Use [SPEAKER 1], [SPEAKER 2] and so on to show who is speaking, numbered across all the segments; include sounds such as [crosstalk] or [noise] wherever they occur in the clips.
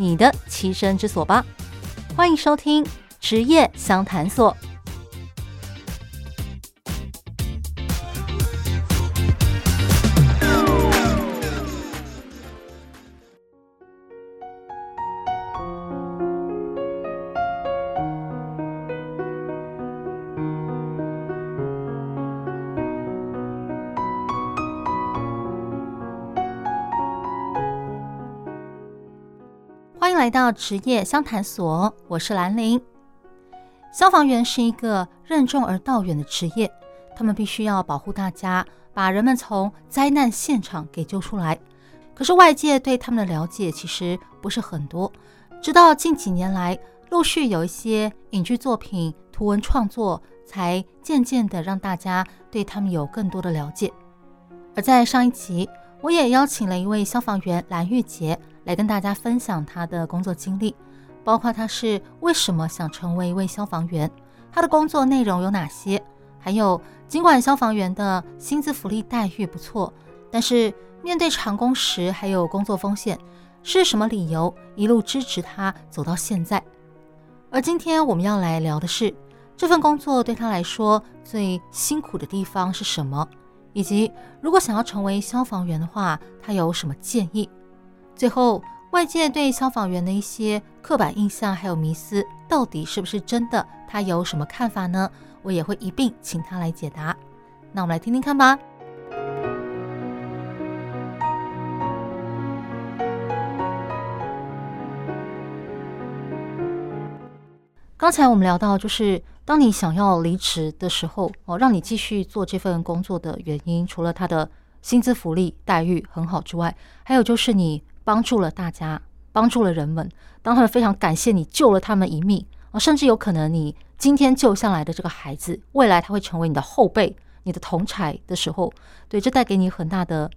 [SPEAKER 1] 你的棲身之所吧，歡迎收聽職業相談所。來到職業相談所，我是藍琳。消防員是一個任重而道遠的職業，他們必須要保護大家，把人們從災難現場給救出來。可是外界對他們的了解其實不是很多，直到近幾年來，陸續有一些影劇作品、圖文創作，才漸漸的讓大家對他們有更多的了解。而在上一集，我也邀請了一位消防員藍毓傑來跟大家分享他的工作經歷，包括他是為什麼想成為一位消防員，他的工作內容有哪些，還有儘管消防員的薪資福利待遇不錯，但是面對長工時還有工作風險，是什麼理由一路支持他走到現在？而今天我們要來聊的是這份工作對他來說最辛苦的地方是什麼？以及如果想要成為消防員的話，他有什麼建議？最後，外界對消防員的一些刻板印象還有迷思，到底是不是真的，他有什麼看法呢？我也會一併請他來解答。那我們來聽聽看吧。剛才我們聊到，就是當你想要離職的時候，哦，讓你繼續做這份工作的原因，除了他的薪資福利待遇很好之外，還有就是你幫助了大家，幫助了人們，當他們非常感謝你，救了他們一命。哦，甚至有可能你今天救下來的這個孩子，未來他會成為你的後輩、你的同儕的時候，對，這帶給你很大的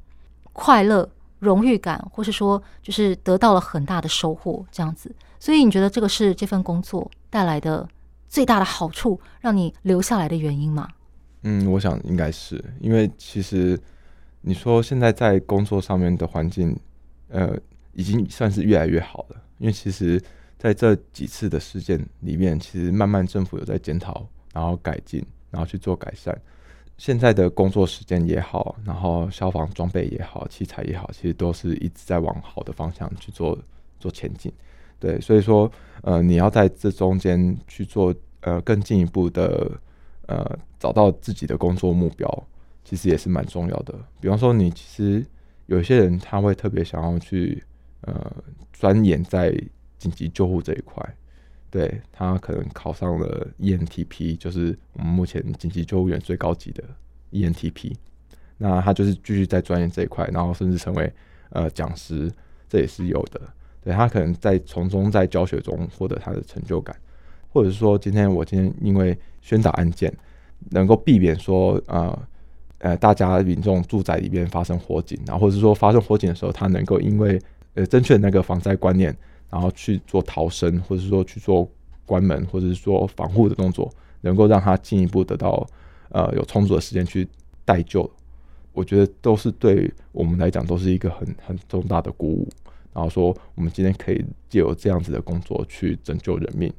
[SPEAKER 1] 快樂、榮譽感，或是說就是得到了很大的收穫，這樣子。所以你覺得這個是這份工作帶來的最大的好處，讓你留下來的原因嗎？
[SPEAKER 2] 嗯，我想應該是因為其實你說現在在工作上面的環境，呃，已經算是越來越好了，因為其實在這幾次的事件裡面，其實慢慢政府有在檢討，然後改進，然後去做改善。現在的工作時間也好，然後消防裝備也好，器材也好，其實都是一直在往好的方向去做，做前進，對，所以說，呃，你要在這中間去做，呃，更進一步的，呃，找到自己的工作目標，其實也是蠻重要的。比方說，你其實有些人他會特別想要去，呃，鑽研在緊急救護這一塊，對，他可能考上了 EMT-P，就是我們目前緊急救護員最高級的 EMT-P，那他就是繼續在鑽研這一塊，然後甚至成為呃講師，這也是有的。所以他可能在從中在教學中獲得他的成就感，或者是說今天我今天因為宣導案件，能夠避免說呃呃大家民眾住宅裡面發生火警，然後或者是說發生火警的時候，他能夠因為呃正確的那個防災觀念，然後去做逃生，或者是說去做關門，或者是說防護的動作，能夠讓他進一步得到呃有充足的時間去待救，我覺得都是對我們來講都是一個很很重大的鼓舞。然後說，我們今天可以借由這樣子的工作去拯救人命，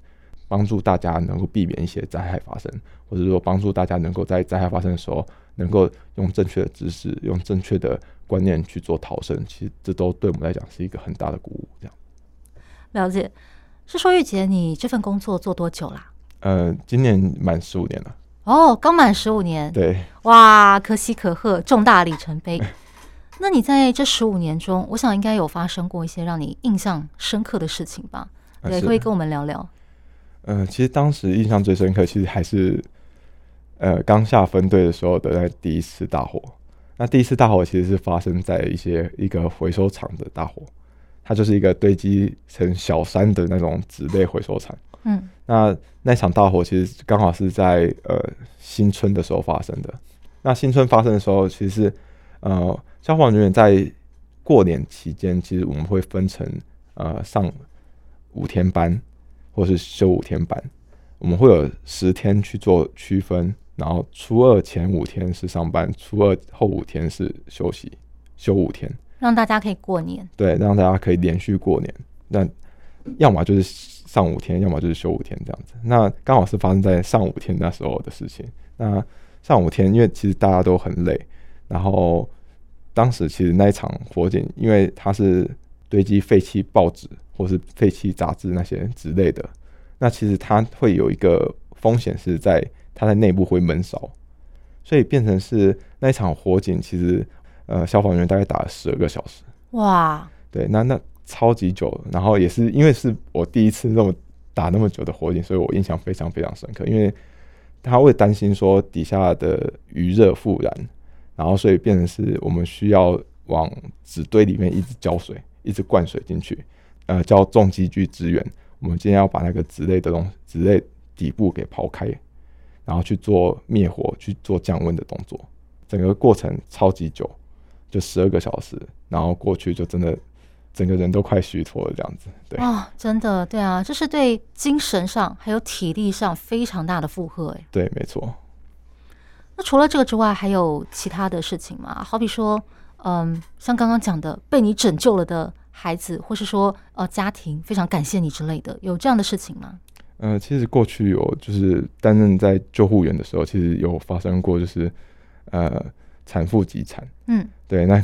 [SPEAKER 2] 幫助大家能夠避免一些災害發生，或者說幫助大家能夠在災害發生的時候能夠用正確的知識、用正確的觀念去做逃生。其實這都對我們來講是一個很大的鼓舞。這樣，
[SPEAKER 1] 了解是說毓傑，你這份工作做多久啦？啊？
[SPEAKER 2] 呃，今年滿十五年
[SPEAKER 1] 了。哦，剛滿十五年，對，哇，可喜可賀，重大的里程碑。 [laughs] 那你在這十五年中，我想應該有發生過一些讓你印象深刻的事情吧？啊、是對，可以跟我們聊聊。
[SPEAKER 2] 呃，其實當時印象最深刻，其實還是，呃，剛下分隊的時候的那第一次大火。那第一次大火其實是發生在一些一個回收廠的大火，它就是一個堆積成小山的那種紙類回收廠。嗯，那那場大火其實剛好是在呃新春的時候發生的。那新春發生的時候，其實是。呃，消防人員在過年期間，其實我們會分成呃上五天班，或是休五天班。我們會有十天去做區分，然後初二前五天是上班，初二後五天是休息，休五天，
[SPEAKER 1] 讓大家可以過年。
[SPEAKER 2] 對，讓大家可以連續過年。那要麼就是上五天，要麼就是休五天這樣子。那剛好是發生在上五天那時候的事情。那上五天，因為其實大家都很累，然後。當時其實那一場火警，因為它是堆積廢棄報紙或是廢棄雜志那些之類的，那其實它會有一個風險是在它的內部會悶燒，所以變成是那一場火警，其實呃消防員大概打了十二個小時。
[SPEAKER 1] 哇！
[SPEAKER 2] 對，那那超級久了，然後也是因為是我第一次那麼打那麼久的火警，所以我印象非常非常深刻，因為他會擔心說底下的餘熱復燃。然後，所以變成是我們需要往紙堆裡面一直澆水，一直灌水進去，呃，叫重機具支援。我們今天要把那個紙類的東西，紙類底部給刨開，然後去做滅火、去做降溫的動作。整個過程超級久，就十二個小時。然後過去就真的整個人都快虛脫了，這樣子。對啊、
[SPEAKER 1] 哦，真的對啊，這是對精神上還有體力上非常大的負荷誒、欸。
[SPEAKER 2] 對，沒錯。
[SPEAKER 1] 那除了這個之外，還有其他的事情嗎？好比說，嗯，像剛剛講的，被你拯救了的孩子，或是說，呃，家庭非常感謝你之類的，有這樣的事情嗎？
[SPEAKER 2] 呃，其實過去有，就是擔任在救護員的時候，其實有發生過，就是呃，產婦急產，嗯，對，那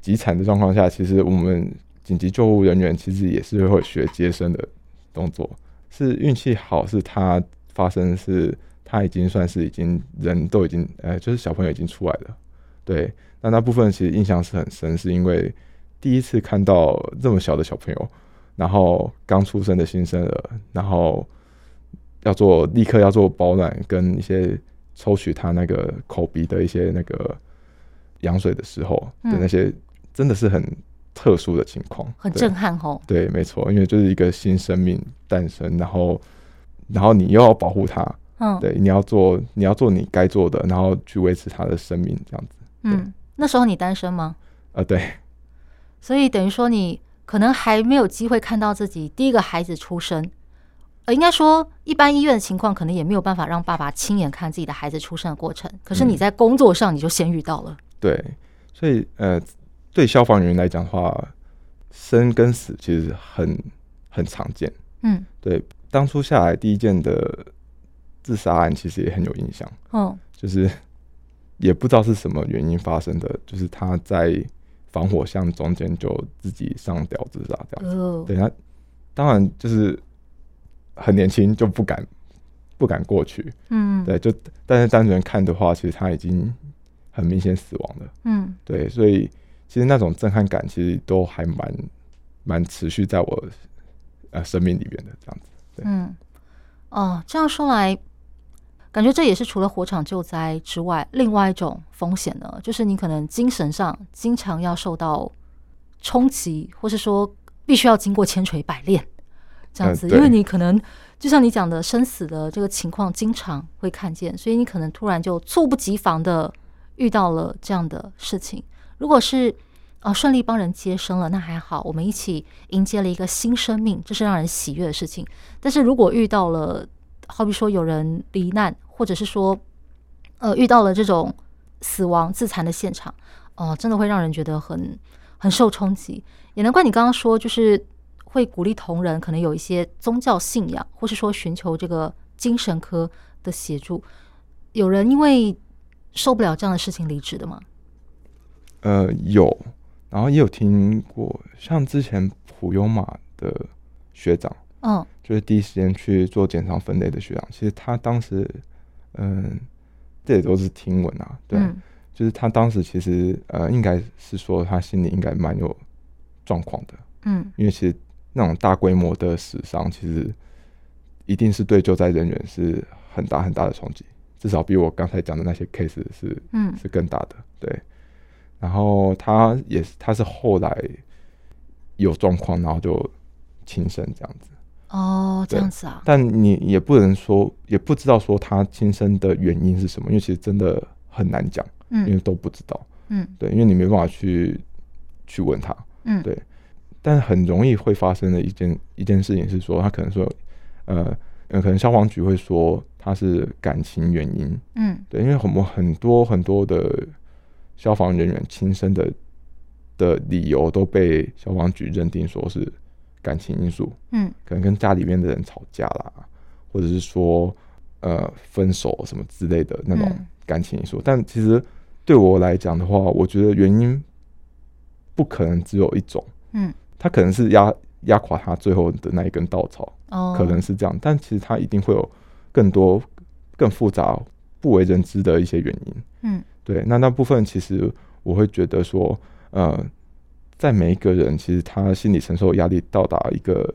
[SPEAKER 2] 急產的狀況下，其實我們緊急救護人員其實也是會學接生的動作，是運氣好，是它發生是。他已經算是已經人都已經呃、欸，就是小朋友已經出來了，對。那那部分其實印象是很深，是因為第一次看到這麼小的小朋友，然後剛出生的新生兒，然後要做立刻要做保暖，跟一些抽取他那個口鼻的一些那個羊水的時候的那些，真的是很特殊的情況，嗯、對很震撼哦。對，沒錯，因為就是一個新生命誕生，然後然後你又要保護他。嗯，對，你要做，你要做你該做的，然後去維持他的生命，這樣子。
[SPEAKER 1] 嗯，那時候你單身嗎？啊、呃，對。所以等於說，你可能還沒有機會看到自己第一個孩子出生。呃，應該說，一般醫院的情況，可能也沒有辦法讓爸爸親眼看自己的孩子出生的過程。可是你在工作上，你就先遇到了。
[SPEAKER 2] 嗯、對，所以呃，對消防員來講的話，生跟死其實很很常見。嗯，對，當初下來第一件的。自殺案其實也很有印象，哦，就是也不知道是什麼原因發生的，就是他在防火巷中間就自己上吊自殺這樣子。哦、對，他當然就是很年輕，就不敢不敢過去，嗯，對，就但是單純看的話，其實他已經很明顯死亡了，嗯，對，所以其實那種震撼感其實都還蠻蠻持續在我呃生命裡面的這樣子，對，
[SPEAKER 1] 嗯，哦，這樣說來。感覺這也是除了火場救災之外，另外一種風險呢，就是你可能精神上經常要受到衝擊，或是說必須要經過千錘百煉
[SPEAKER 2] 這樣子，因為你
[SPEAKER 1] 可能就像你講的，生死的這個情況經常會看見，所以你可能突然就猝不及防的遇到了這樣的事情。如果是啊，順利幫人接生了，那還好，我們一起迎接了一個新生命，這是讓人喜悅的事情。但是如果遇到了，好比說有人罹難，或者是說，呃，遇到了這種死亡自殘的現場，哦、呃，真的會讓人覺得很很受衝擊。也難怪你剛剛說，就是會鼓勵同仁，可能有一些宗教信仰，或是說尋求這個精神科的協助。有人因為受不了這樣的事情離職的嗎？
[SPEAKER 2] 呃，有，然後也有聽過，像之前普悠瑪的學長。嗯，oh. 就是第一時間去做檢傷分類的學長，其實他當時，嗯，這也都是聽聞啊，對，嗯、就是他當時其實呃，應該是說他心裡應該蠻有狀況的，嗯，因為其實那種大規模的死傷，其實一定是對救災人員是很大很大的衝擊，至少比我剛才講的那些 case 是，嗯，是更大的，對，然後他也是，他是後來有狀況，然後就輕生這樣子。
[SPEAKER 3] 哦，oh, 這樣子啊，但
[SPEAKER 2] 你也不能說，也不知道說他輕生的原因是什麼，因為其實真的很難講，嗯，因為都不知道，嗯，對，因為你沒辦法去去問他，嗯，對，但很容易會發生的一件一件事情是說，他可能說，呃，可能消防局會說他是感情原因，嗯，對，因為我們很多很多的消防人員輕生的的理由都被消防局認定說是。感情因素，嗯，可能跟家裡面的人吵架啦，嗯、或者是說呃分手什麼之類的那種感情因素。嗯、但其實對我來講的話，我覺得原因不可能只有一種，嗯，他可能是壓壓垮他最後的那一根稻草，哦，可能是這樣。但其實他一定會有更多、更複雜、不為人知的一些原因，嗯，對。那那部分其實我會覺得說，呃。在每一個人，其實他心理承受壓力到達一個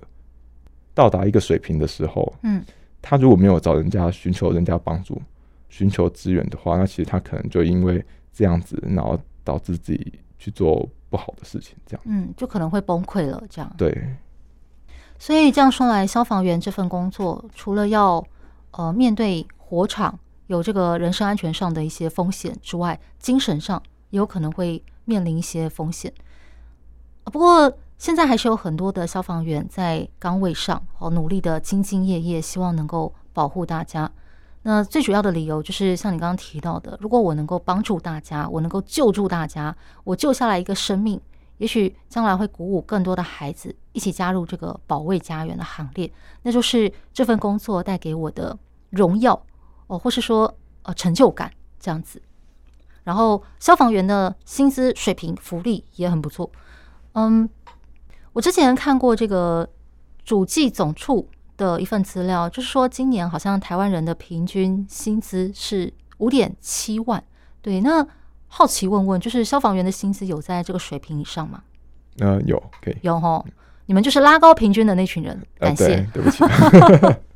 [SPEAKER 2] 到達一個水平的時候，嗯，他如果沒有找人家尋求人家幫助、尋求資源的話，那其實他可能就因為這樣子，然後導致自己去做不好的事情，這樣，嗯，
[SPEAKER 1] 就可能會崩潰了。這樣，對。所以這樣說來，消防員這份工作，除了要呃面對火場有這個人身安全上的一些風險之外，精神上也有可能會面臨一些風險。不過，現在還是有很多的消防員在崗位上，哦，努力的兢兢業業，業，希望能夠保護大家。那最主要的理由就是，像你剛剛提到的，如果我能夠幫助大家，我能夠救助大家，我救下來一個生命，也許將來會鼓舞更多的孩子一起加入這個保衛家園的行列。那就是這份工作帶給我的榮耀，哦，或是說呃成就感這樣子。然後，消防員的薪資水平、福利也很不錯。嗯，um, 我之前看過這個主計總處的一份資料，就是說今年好像台灣人的平均薪資是五點七萬。對，那好奇問問，就是消防員的薪資有在這個水平以上嗎？嗯、
[SPEAKER 2] 呃，有，可以
[SPEAKER 1] 有哦。你們就是拉高平均的那群人。感謝，呃、對，對
[SPEAKER 2] 不起。 [laughs]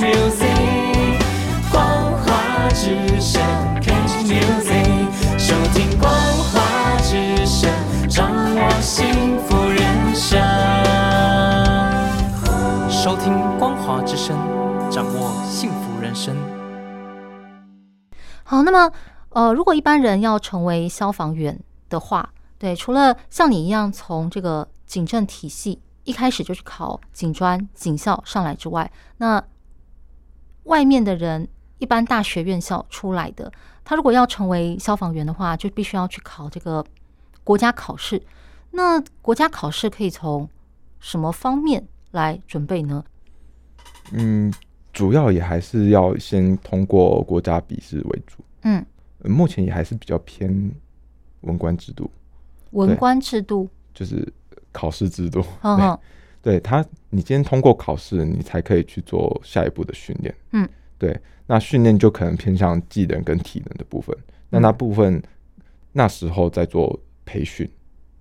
[SPEAKER 3] music music
[SPEAKER 1] 好，那麼，呃，如果一般人要成為消防員的話，對，除了像你一樣從這個警政體系，一開始就是考警專、警校上來之外，那，外面的人，一般大學院校出來的，他如果要成為消防員的話，就必須要去考這個國家考試。那國家考試可以從什麼方面來準備呢？嗯，
[SPEAKER 2] 主要也還是要先通過國家筆試為主。嗯，目前也還是比較偏文官制度。
[SPEAKER 1] 文官制度
[SPEAKER 2] 就是考試制度。好，好對他，你今天通過考試，你才可以去做下一步的訓練。嗯，對。那訓練就可能偏向技能跟體能的部分，嗯、那那部分那時候再做培訓。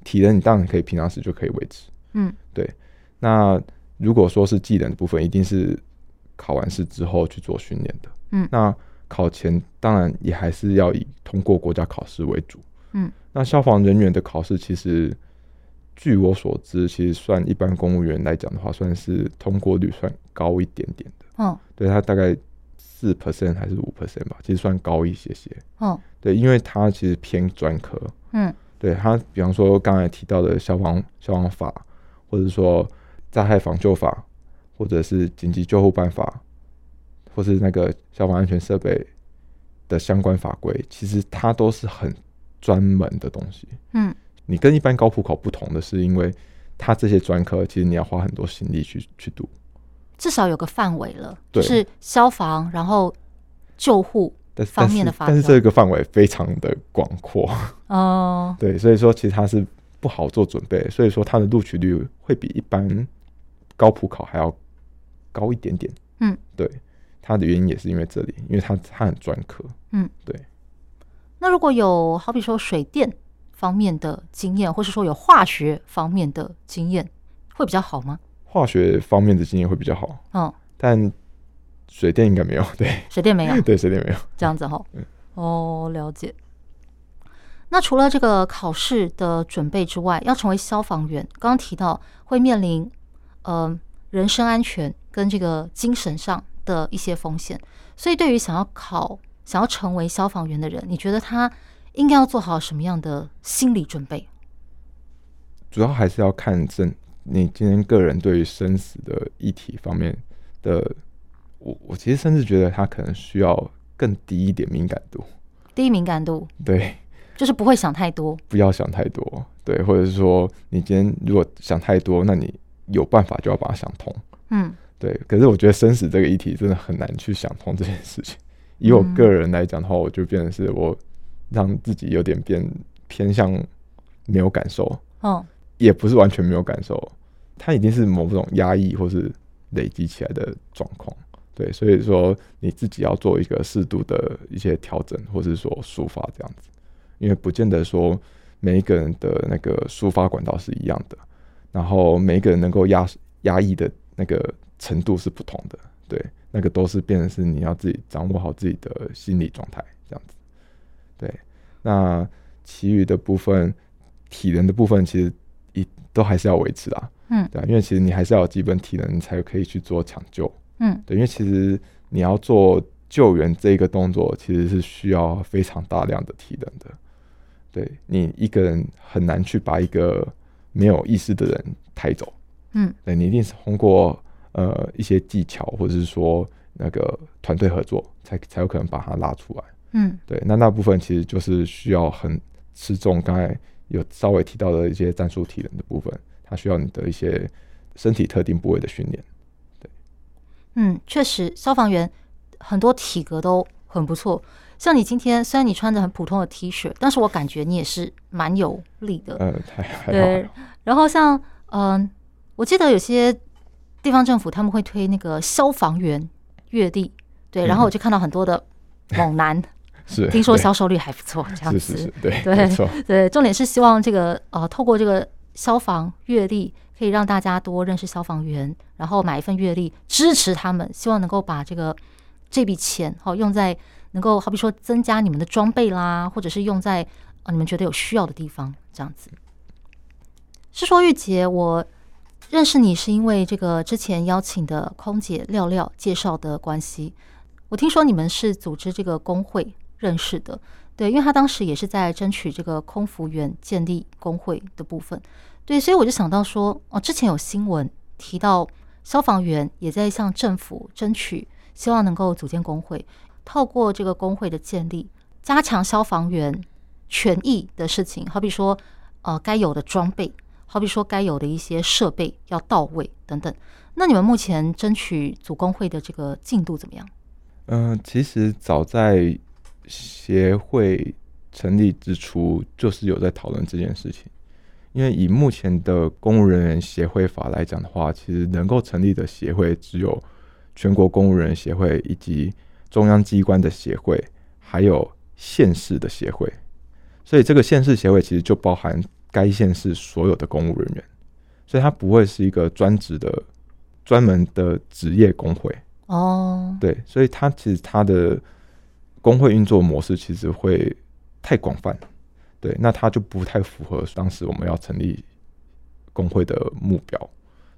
[SPEAKER 2] 體能你當然可以平常時就可以維持。嗯，對。那如果說是技能的部分，一定是考完試之後去做訓練的。嗯，那考前當然也還是要以通過國家考試為主。嗯，那消防人員的考試其實。據我所知，其實算一般公務員來講的話，算是通過率算高一點點的。Oh. 對，它大概四 percent 還是五 percent 吧，其實算高一些些。Oh. 對，因為它其實偏專科。嗯，對，它比方說剛才提到的消防消防法，或者說災害防救法，或者是緊急救護辦法，或是那個消防安全設備的相關法規，其實它都是很專門的東西。嗯。你跟一般高普考不同的是，因為它這些專科，其實你要花很多心力去去讀，
[SPEAKER 1] 至少有個範圍了，對就是消防，然後救護方面的發但，但是這
[SPEAKER 2] 個範圍非常的廣闊，哦， [laughs] 對，所以說其實它是不好做準備，所以說它的錄取率會比一般高普考還要高一點點，嗯，對，它的原因也是因為這裡，因為它它很專科，嗯，
[SPEAKER 1] 對。那如果有好比說水電。方面的經驗，或是說有化學方面的經驗，會比較好嗎？
[SPEAKER 2] 化學方面的經驗會比較好。嗯，但水電應該沒有，對，水電沒有，對，水電沒有。
[SPEAKER 1] 這樣子哈。嗯對，哦，了解。那除了這個考試的準備之外，要成為消防員，剛剛提到會面臨嗯、呃、人身安全跟這個精神上的一些風險，所以對於想要考、想要成為消防員的人，你覺得他？應該要做好什麼樣的心理準備？
[SPEAKER 2] 主要還是要看生你今天個人對於生死的議題方面的，我我其實甚至覺得他可能需要更低一點敏感度，
[SPEAKER 1] 低敏感度，對，就是不會想太多，
[SPEAKER 2] 不要想太多，對，或者是說你今天如果想太多，那你有辦法就要把它想通，嗯，對。可是我覺得生死這個議題真的很難去想通這件事情。以我個人來講的話，我就變成是我。讓自己有點變偏向沒有感受，哦，也不是完全沒有感受，它已經是某種壓抑或是累積起來的狀況，對，所以說你自己要做一個適度的一些調整，或是說抒發這樣子，因為不見得說每一個人的那個抒發管道是一樣的，然後每一個人能夠壓壓抑的那個程度是不同的，對，那個都是變成是你要自己掌握好自己的心理狀態這樣子。那其餘的部分，體能的部分，其實一都還是要維持啦，嗯，對，因為其實你還是要有基本體能，你才可以去做搶救。嗯，對，因為其實你要做救援這個動作，其實是需要非常大量的體能的。對，你一個人很難去把一個沒有意識的人抬走。嗯，對，你一定是通過呃一些技巧或者是說那個團隊合作，才才有可能把他拉出來。嗯，對，那那部分其實就是需要很吃重，剛才有稍微提到的一些戰術體能的部分，它需要你的一些
[SPEAKER 1] 身體特定部位的訓練。對，嗯，確實，消防員很多體格都很不錯，像你今天雖然你穿着很普通的 T 恤，但是我感覺你也是蠻有力的。
[SPEAKER 3] 嗯，對。
[SPEAKER 1] 有然後像嗯，我記得有些地方政府他們會推那個消防員月曆，對，然後我就看到很多的猛男，嗯。 [laughs]
[SPEAKER 3] 是，聽說銷售
[SPEAKER 1] 率還不錯，這樣子，是是是對，對對，對，重點是希望這個呃，透過這個消防月曆，可以讓大家多認識消防員，然後買一份月曆支持他們，希望能夠把這個這筆錢好用在能夠好比說增加你們的裝備啦，或者是用在啊、呃、你們覺得有需要的地方，這樣子。是說毓傑，我認識你是因為這個之前邀請的空姐廖廖介紹的關係，我聽說你們是組織這個工會。認識的，對，因為他當時也是在爭取這個空服員建立工會的部分，對，所以我就想到說，哦，之前有新聞提到消防員也在向政府爭取，希望能夠組建工會，透過這個工會的建立，加強消防員權益的事情，好比說，呃，該有的裝備，好比說該有的一些設備要到位等等。那你們目前爭取組工會的這個進度怎麼樣？
[SPEAKER 2] 嗯、呃，其實早在。協會成立之初就是有在討論這件事情，因為以目前的公務人員協會法來講的話，其實能夠成立的協會只有全國公務人員協會以及中央機關的協會，還有縣市的協會。所以這個縣市協會其實就包含該縣市所有的公務人員，所以它不會是一個專職的、專門的職業工會哦。Oh. 對，所以它其實它的。工會運作模式其實會太廣泛，對，那它就不太符合當時我們要成立工會的目標，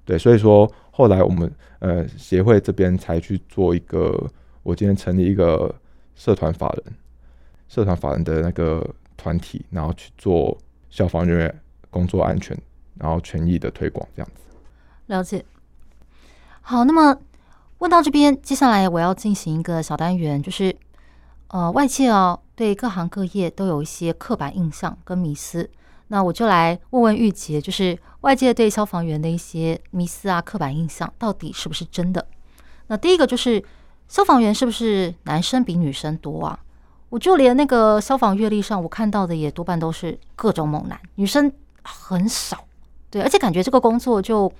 [SPEAKER 2] 對，所以說後來我們呃協會這邊才去做一個，我今天成立一個社團法人，社團法人的那個團體，然後去做消防員工作安全，然後權益的推廣這樣子。
[SPEAKER 1] 了解。好，那麼問到這邊，接下來我要進行一個小單元，就是。呃，外界哦，對各行各業都有一些刻板印象跟迷思。那我就來問問毓傑，就是外界對消防員的一些迷思啊、刻板印象，到底是不是真的？那第一個就是，消防員是不是男生比女生多啊？我就連那個消防月曆上，我看到的也多半都是各種猛男，女生很少。對，而且感覺這個工作就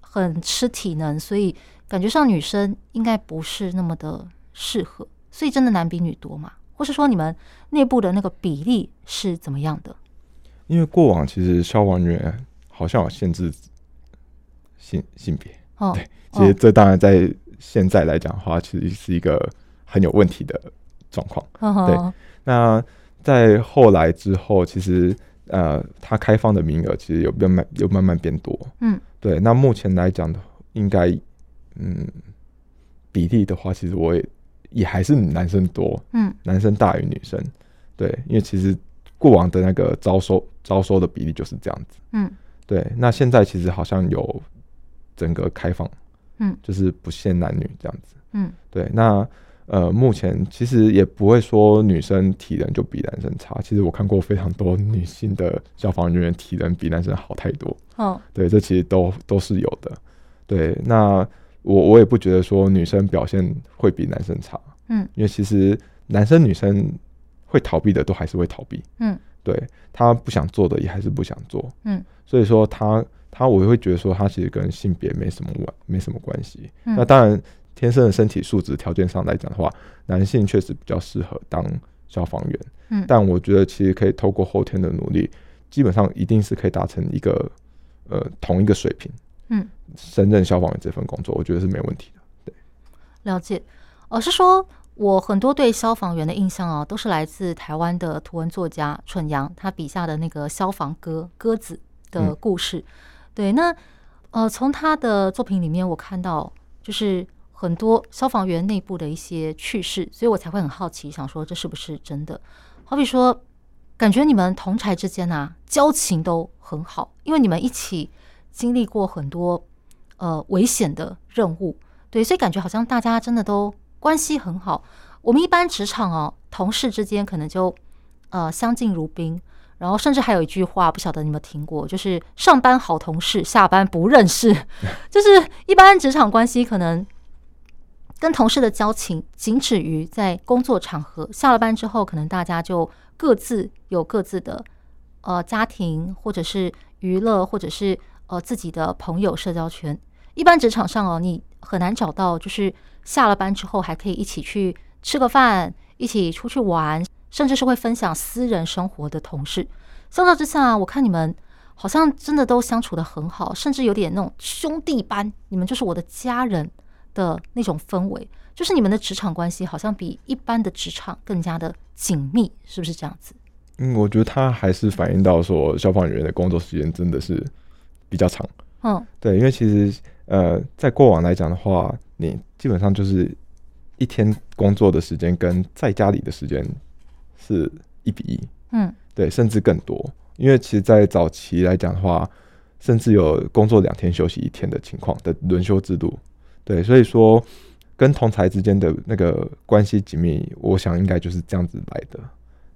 [SPEAKER 1] 很吃體能，所以感覺上女生應該不是那麼的適合。所以真的男比女多嗎？或是說你們內部的那個比例是怎麼樣的？
[SPEAKER 2] 因為過往其實消防員好像有限制性性別。哦、對，其實這當然在現在來講的話，其實是一個很有問題的狀況。哦哦對，那在後來之後，其實呃，他開放的名額其實有變慢，有慢慢變多。嗯，對。那目前來講的，應該嗯，比例的話，其實我也。也還是男生多，嗯，男生大於女生，對，因為其實過往的那個招收招收的比例就是這樣子，嗯，對。那現在其實好像有整個開放，嗯，就是不限男女這樣子，嗯，對。那呃，目前其實也不會說女生體能就比男生差。其實我看過非常多女性的消防人員體能比男生好太多，嗯、哦，對，這其實都都是有的，對。那我我也不覺得說女生表現會比男生差，嗯，因為其實男生女生會逃避的都還是會逃避，嗯，對，他不想做的也還是不想做，嗯，所以說他他我會覺得說他其實跟性別沒，沒什麼關沒什麼關係，嗯，那當然天生的身體素質條件上來講的話，男性確實比較適合當消防員，嗯，但我覺得其實可以透過後天的努力，基本上一定是可以達成一個呃同一個水平。嗯，深圳消防員這份工作，我覺得是沒問題的。對，
[SPEAKER 1] 了解。我、呃、是說，我很多對消防員的印象啊，都是來自台灣的圖文作家蠢羊他筆下的那個消防鴿鴿子的故事。嗯、對，那呃，從他的作品裡面，我看到就是很多消防員內部的一些趣事，所以我才會很好奇，想說這是不是真的？好比說，感覺你們同儕之間啊，交情都很好，因為你們一起。經歷過很多呃危險的任務，對，所以感覺好像大家真的都關係很好。我們一般職場啊、哦，同事之間可能就呃相敬如賓，然後甚至還有一句話不曉得你們聽過，就是上班好同事，下班不認識。 [laughs] 就是一般職場關係可能跟同事的交情僅止於在工作場合，下了班之後，可能大家就各自有各自的呃家庭，或者是娛樂，或者是。呃，自己的朋友社交圈，一般職場上哦，你很難找到，就是下了班之後還可以一起去吃個飯，一起出去玩，甚至是會分享私人生活的同事。相較之下啊，我看你們好像真的都相處得很好，甚至有點那種兄弟般，你們就是我的家人的那種氛圍，就是你們的職場關係好像比一般的職場更加的緊密，是不是這樣子？
[SPEAKER 2] 嗯，我覺得他還是反映到說，消防員的工作時間真的是。比較長，哦、對，因為其實，呃，在過往來講的話，你基本上就是一天工作的時間跟在家裡的時間是一比一，嗯，對，甚至更多，因為其實，在早期來講的話，甚至有工作兩天休息一天的情況的輪休制度，對，所以說跟同儕之間的那個關係緊密，我想應該就是這樣子來的。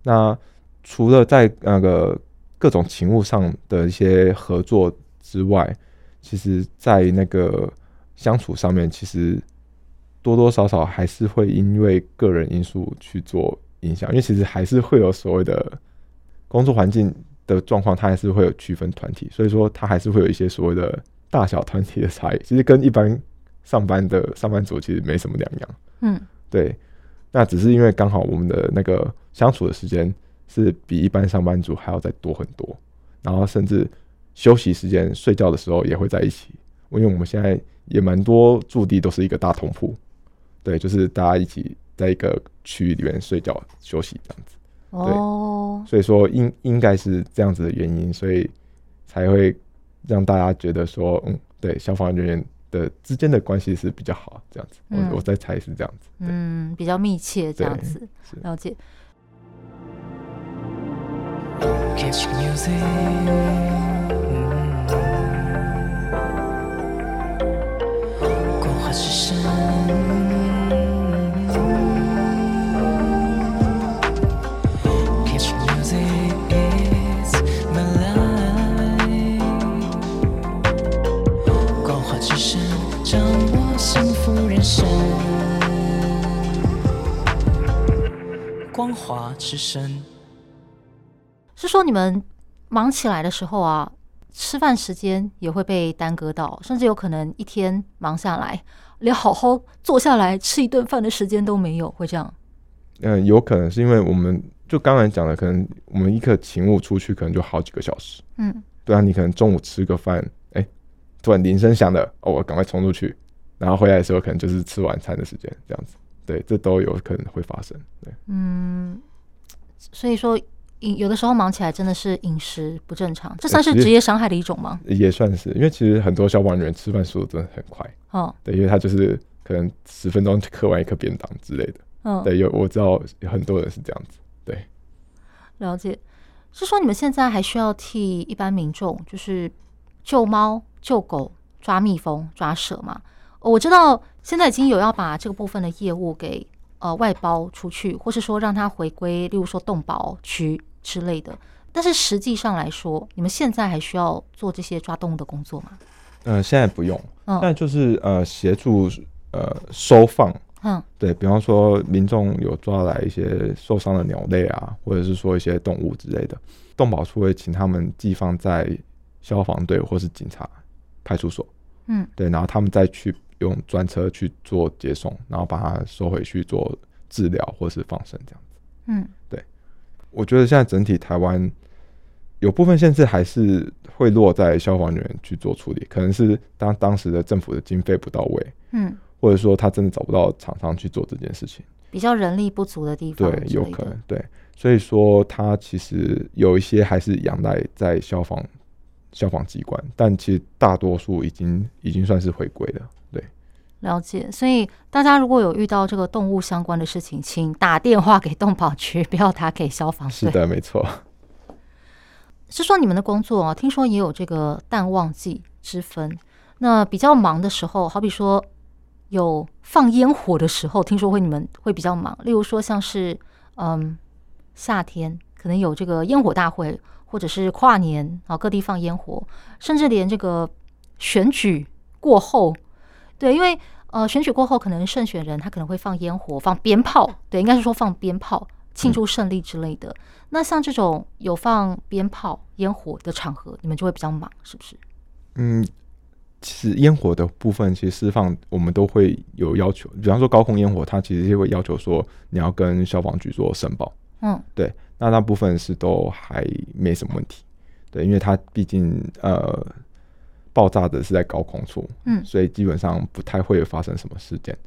[SPEAKER 2] 那除了在那個各種勤務上的一些合作，之外，其實，在那個相處上面，其實多多少少還是會因為個人因素去做影響，因為其實還是會有所謂的工作環境的狀況，它還是會有區分團體，所以說它還是會有一些所謂的大小團體的差異。其實跟一般上班的上班族其實沒什麼兩樣。嗯，對，那只是因為剛好我們的那個相處的時間是比一般上班族還要再多很多，然後甚至。休息時間，睡覺的時候也會在一起。我因為我們現在也蠻多駐地都是一個大通鋪，對，就是大家一起在一個區域裡面睡覺休息這樣子。哦。Oh. 所以說，應應該是這樣子的原因，所以才會讓大家覺得說，嗯，對，消防人員的之間的關係是比較好這樣子。嗯，我我在猜是這樣子。嗯，
[SPEAKER 1] 比較密切這樣子。
[SPEAKER 3] 了解。光華之聲，掌握幸福人生。
[SPEAKER 1] 光華之聲，是說你們忙起來的時候啊。吃飯時間也會被耽擱到，甚至有可能一天忙下來，連好好坐下來吃一頓飯的時間都沒有。會這樣？
[SPEAKER 2] 嗯，有可能是因為我們就剛才講的，可能我們一刻勤務，出去，可能就好幾個小時。嗯，對啊，你可能中午吃個飯，哎、欸，突然鈴聲響了，哦，我趕快衝出去，然後回來的時候可能就是吃晚餐的時間，這樣子。對，這都有可能會發生。
[SPEAKER 1] 對，嗯，所以說。有的時候忙起來真的是飲食不正常，這算是職業傷害的一種嗎？
[SPEAKER 2] 欸，也算是，因為其實很多消防員吃飯速度真的很快。哦，對，因為他就是可能十分鐘嗑完一顆便當之類的。嗯，對，有我知道很多人是這樣子。對，
[SPEAKER 1] 了解。是說你們現在還需要替一般民眾就是救貓、救狗、抓蜜蜂、抓蛇嗎？哦，我知道現在已經有要把這個部分的業務給呃外包出去，或是說讓他回歸，例如說動保局。之類的，但是實際上來說，你們現在還需要做這些抓動物的工作嗎？嗯、
[SPEAKER 2] 呃，現在不用。嗯，那就是呃，協助呃收放。嗯，對，比方說民眾有抓來一些受傷的鳥類啊，或者是說一些動物之類的，動保處會請他們寄放在消防隊或是警察派出所。嗯，對，然後他們再去用專車去做接送，然後把它收回去做治療或是放生這樣子。
[SPEAKER 3] 嗯，
[SPEAKER 2] 對。我覺得現在整體台灣有部分限制還是會落在消防員去做處理，可能是當當時的政府的經費不到位，嗯，或者說他真的找不到廠商去做這件事情，
[SPEAKER 1] 比較人力不足的地方的，對，有可能，
[SPEAKER 2] 對，所以說他其實有一些還是仰賴在消防消防機關，但其實大多數已經已經算是回歸了，對。
[SPEAKER 1] 了解，所以大家如果有遇到這個動物相關的事情，請打電話給動保局，不要打給消防隊。是的，沒錯。是說你們的工作啊，聽說也有這個淡旺季之分。那比較忙的時候，好比說有放煙火的時候，聽說會你們會比較忙。例如說，像是嗯夏天可能有這個煙火大會，或者是跨年啊各地放煙火，甚至連這個選舉過後。對，因為呃，選舉過後可能勝選人他可能會放煙火、放鞭炮，對，應該是說放鞭炮慶祝勝利之類的。嗯、那像這種有放鞭炮、煙火的場合，你們就會比較忙，是不是？
[SPEAKER 2] 嗯，其實煙火的部分其實釋放我們都會有要求，比方說高空煙火，它其實就會要求說你要跟消防局做申報。嗯，對，那大部分是都還沒什麼問題，對，因為他畢竟呃。爆炸的是在高空處，嗯，所以基本上不太會有發生什麼事件。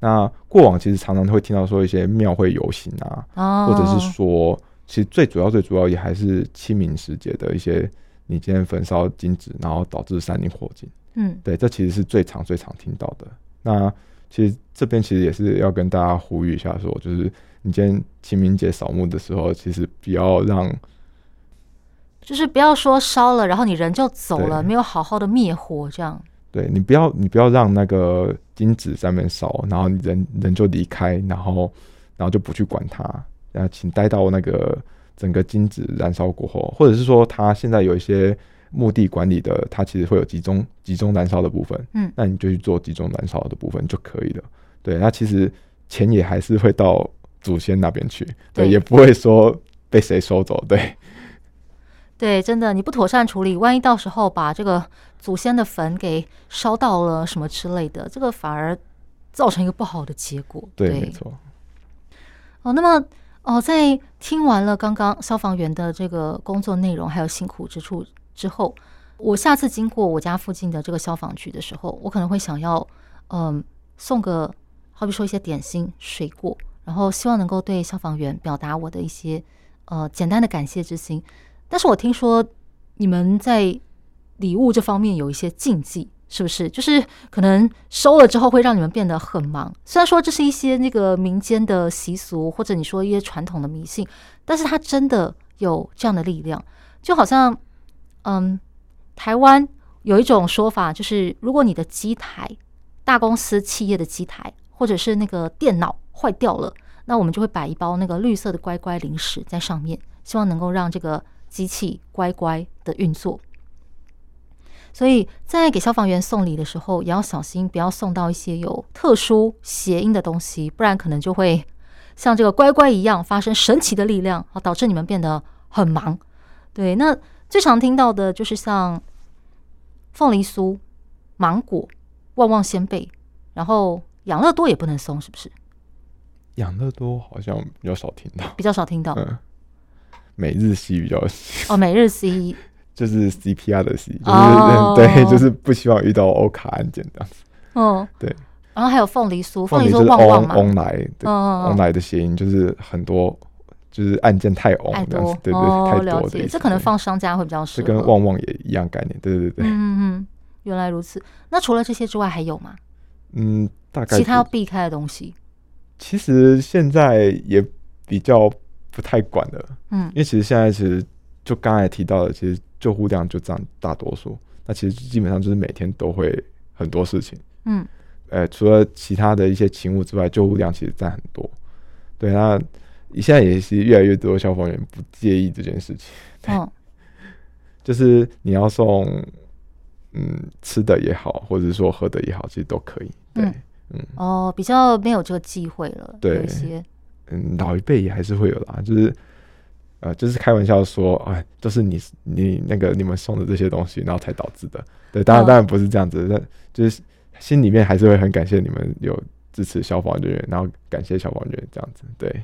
[SPEAKER 2] 那過往其實常常會聽到說一些廟會遊行啊，哦、或者是說，其實最主要、最主要也還是清明時節的一些你今天焚燒金紙，然後導致山林火警。嗯，對，這其實是最常、最常聽到的。那其實這邊其實也是要跟大家呼籲一下說，說就是你今天清明節掃墓的時候，其實不要讓。
[SPEAKER 1] 就是不要說燒了，然後你人就走了，對沒有好好的滅火這樣。
[SPEAKER 2] 對，你不要，你不要讓那個金子上面燒，然後你人人就離開，然後然後就不去管它。然後請待到那個整個金子燃燒過後，或者是說，它現在有一些墓地管理的，它其實會有集中集中燃燒的部分。嗯，那你就去做集中燃燒的部分就可以了。對，那其實錢也還是會到祖先那邊去，對，嗯、也不會說被誰收走。對。
[SPEAKER 1] 對，真的，你不妥善處理，萬一到時候把這個祖先的墳給燒到了什麼之類的，這個反而造成一個不好的結果。
[SPEAKER 2] 對，對
[SPEAKER 1] 沒錯。哦，那麼哦，在聽完了剛剛消防員的這個工作內容還有辛苦之處之後，我下次經過我家附近的這個消防局的時候，我可能會想要嗯送個，好比說一些點心、水果，然後希望能夠對消防員表達我的一些呃簡單的感謝之心。但是我聽說，你們在禮物這方面有一些禁忌，是不是？就是可能收了之後會讓你們變得很忙。雖然說這是一些那個民間的習俗，或者你說一些傳統的迷信，但是它真的有這樣的力量。就好像，嗯，台灣有一種說法，就是如果你的機台、大公司企業的機台，或者是那個電腦壞掉了，那我們就會擺一包那個綠色的乖乖零食在上面，希望能夠讓這個。機器乖乖的運作，所以在給消防員送禮的時候，也要小心，不要送到一些有特殊諧音的東西，不然可能就會像這個乖乖一樣發生神奇的力量啊，導致你們變得很忙。對，那最常聽到的就是像鳳梨酥、芒果、旺旺仙貝，然後養樂多也不能送，是不是？
[SPEAKER 2] 養樂多好像比較少聽到，比較少聽到。嗯。每日 C 比較少哦，每日 C 就是 CPR 的 C，就是對，就是不希望遇到歐卡案件這樣子。哦，對，
[SPEAKER 1] 然後還有鳳梨酥，鳳梨酥旺旺嘛，旺來，旺
[SPEAKER 2] 來的諧音，就是很多，就是案件太旺，對不對？太多了，了解。這可能
[SPEAKER 1] 放商家會比較少。是跟
[SPEAKER 2] 旺旺也一樣概念，對對對嗯嗯，
[SPEAKER 1] 原來如此。那除了這些之外還有嗎？
[SPEAKER 2] 嗯，大概其他
[SPEAKER 1] 要避開的東西，
[SPEAKER 2] 其實現在也比較。不太管的，嗯，因為其實現在其實就剛才提到的，其實救護量就佔大多數。那其實基本上就是每天都會很多事情，嗯，呃、欸，除了其他的一些勤務之外，救護量其實佔很多。對，那現在也是越來越多消防員不介意這件事情。對，哦、就是你要送，嗯，吃的也好，或者是說喝的也好，其實都可以。
[SPEAKER 1] 對，嗯，嗯哦，比較沒有這個機會了。對。
[SPEAKER 2] 嗯，老一輩也還是會有的，就是，呃，就是開玩笑說，哎，都、就是你你那個你們送的這些東西，然後才導致的，對，當然當然不是這樣子，哦、但就是心裡面還是會很感謝你們有支持消防員，然後感謝消防員這樣子，對，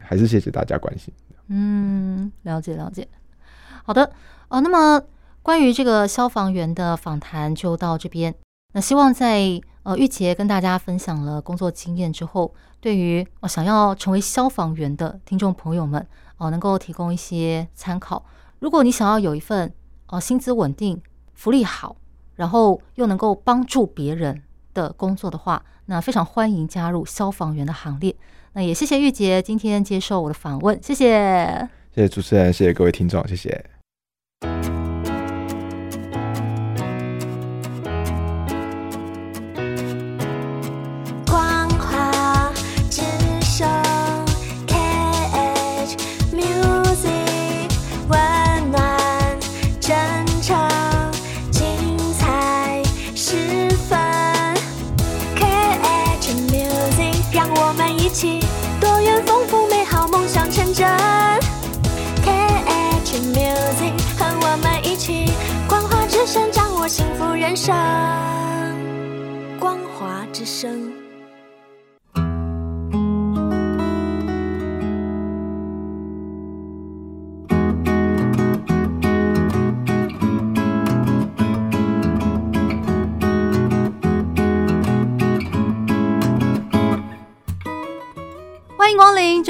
[SPEAKER 2] 還是謝謝大家關心。嗯，
[SPEAKER 1] 了解了解。好的，呃、哦，那麼關於這個消防員的訪談就到這邊。那希望在呃毓傑，跟大家分享了工作經驗之後，對於我、哦、想要成為消防員的聽眾朋友們哦，能夠提供一些參考。如果你想要有一份哦薪資穩定、福利好，然後又能夠幫助別人的工作的話，那非常歡迎加入消防員的行列。那也謝謝毓傑今天接受我的訪問，謝謝，
[SPEAKER 2] 謝謝主持人，謝謝各位聽眾，謝謝。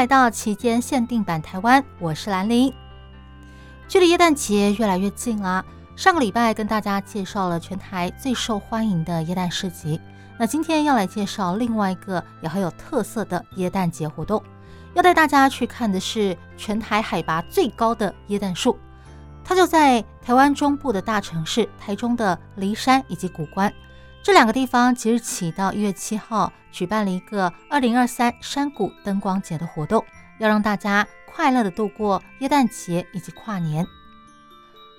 [SPEAKER 1] 來到期間限定版台灣，我是蘭玲。距離耶誕節越來越近了，啊，上個禮拜跟大家介紹了全台最受歡迎的耶誕市集，那今天要來介紹另外一個也很有特色的耶誕節活動，要帶大家去看的是全台海拔最高的耶誕樹，它就在台灣中部的大城市台中的梨山以及谷關。這兩個地方即日起到一月七號舉辦了一個二零二三山谷燈光節的活動，要讓大家快樂的度過耶誕節以及跨年。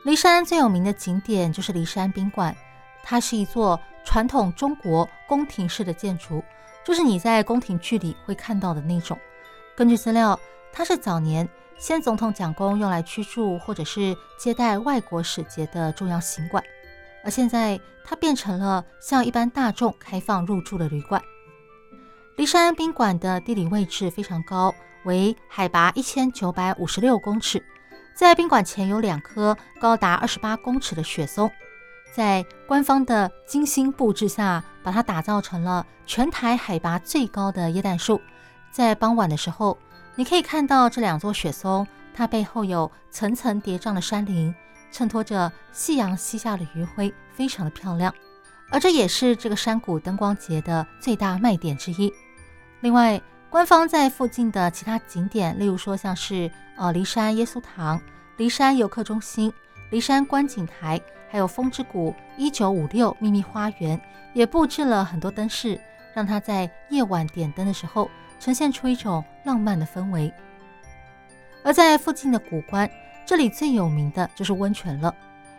[SPEAKER 1] 梨山最有名的景點就是梨山賓館，它是一座傳統中國宮廷式的建築，就是你在宮廷劇裡會看到的那種。根據資料，它是早年先總統蔣公用來居住或者是接待外國使節的重要行館。而現在，它變成了向一般大眾開放入住的旅館。梨山賓館的地理位置非常高，為海拔一千九百五十六公尺。在賓館前有兩棵高達二十八公尺的雪松，在官方的精心布置下，把它打造成了全台海拔最高的耶誕樹。在傍晚的時候，你可以看到這兩座雪松，它背後有層層疊嶂的山林。襯托着夕陽西下的餘暉，非常的漂亮，而這也是這個山谷燈光節的最大賣點之一。另外，官方在附近的其他景點，例如說像是呃梨山耶穌堂、梨山遊客中心、梨山觀景臺，還有風之谷、一九五六秘密花園，也佈置了很多燈飾，讓它在夜晚點燈的時候呈現出一種浪漫的氛圍。而在附近的谷關，這裡最有名的就是溫泉了，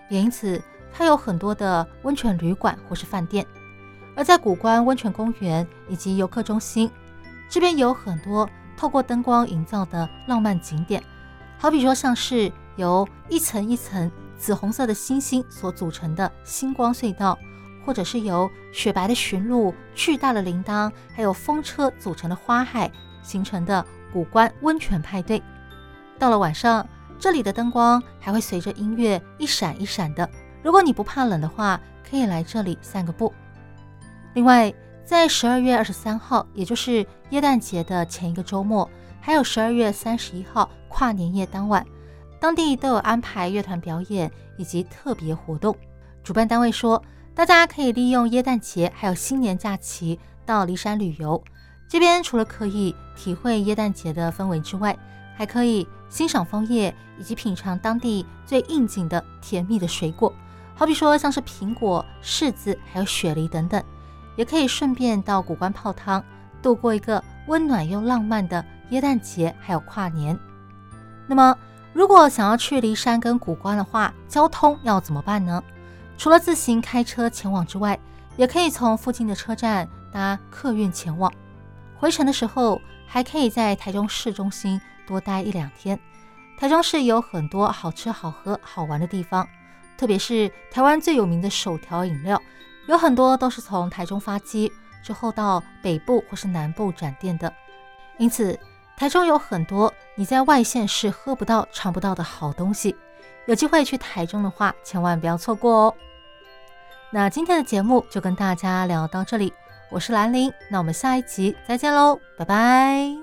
[SPEAKER 1] 也因此它有很多的溫泉旅館或是飯店。而在谷關溫泉公園以及遊客中心，這邊有很多透過燈光營造的浪漫景點，好比說像是由一層一層紫紅色的星星所組成的星光隧道，或者是由雪白的馴鹿、巨大的鈴鐺還有風車組成的花海形成的谷關溫泉派對。到了晚上。這裡的燈光還會隨着音樂一閃一閃的。如果你不怕冷的話，可以來這裡散個步。另外，在十二月二十三號，也就是耶誕節的前一個周末，還有十二月三十一號跨年夜當晚，當地都有安排樂團表演以及特別活動。主辦單位說，大家可以利用耶誕節還有新年假期到梨山旅遊。這邊除了可以體會耶誕節的氛圍之外，還可以欣賞楓葉，以及品嘗當地最應景的甜蜜的水果，好比說像是蘋果、柿子，還有雪梨等等。也可以順便到谷關泡湯，度過一個溫暖又浪漫的耶誕節，還有跨年。那麼，如果想要去梨山跟谷關的話，交通要怎麼辦呢？除了自行開車前往之外，也可以從附近的車站搭客運前往。回程的時候，還可以在台中市中心，多待一兩天，台中市有很多好吃、好喝、好玩的地方，特別是台灣最有名的手搖飲料，有很多都是從台中發跡之後到北部或是南部展店的。因此，台中有很多你在外縣市喝不到、嘗不到的好東西。有機會去台中的話，千萬不要錯過哦。那今天的節目就跟大家聊到這裡，我是蘭陵，那我們下一集再見嘍，拜拜。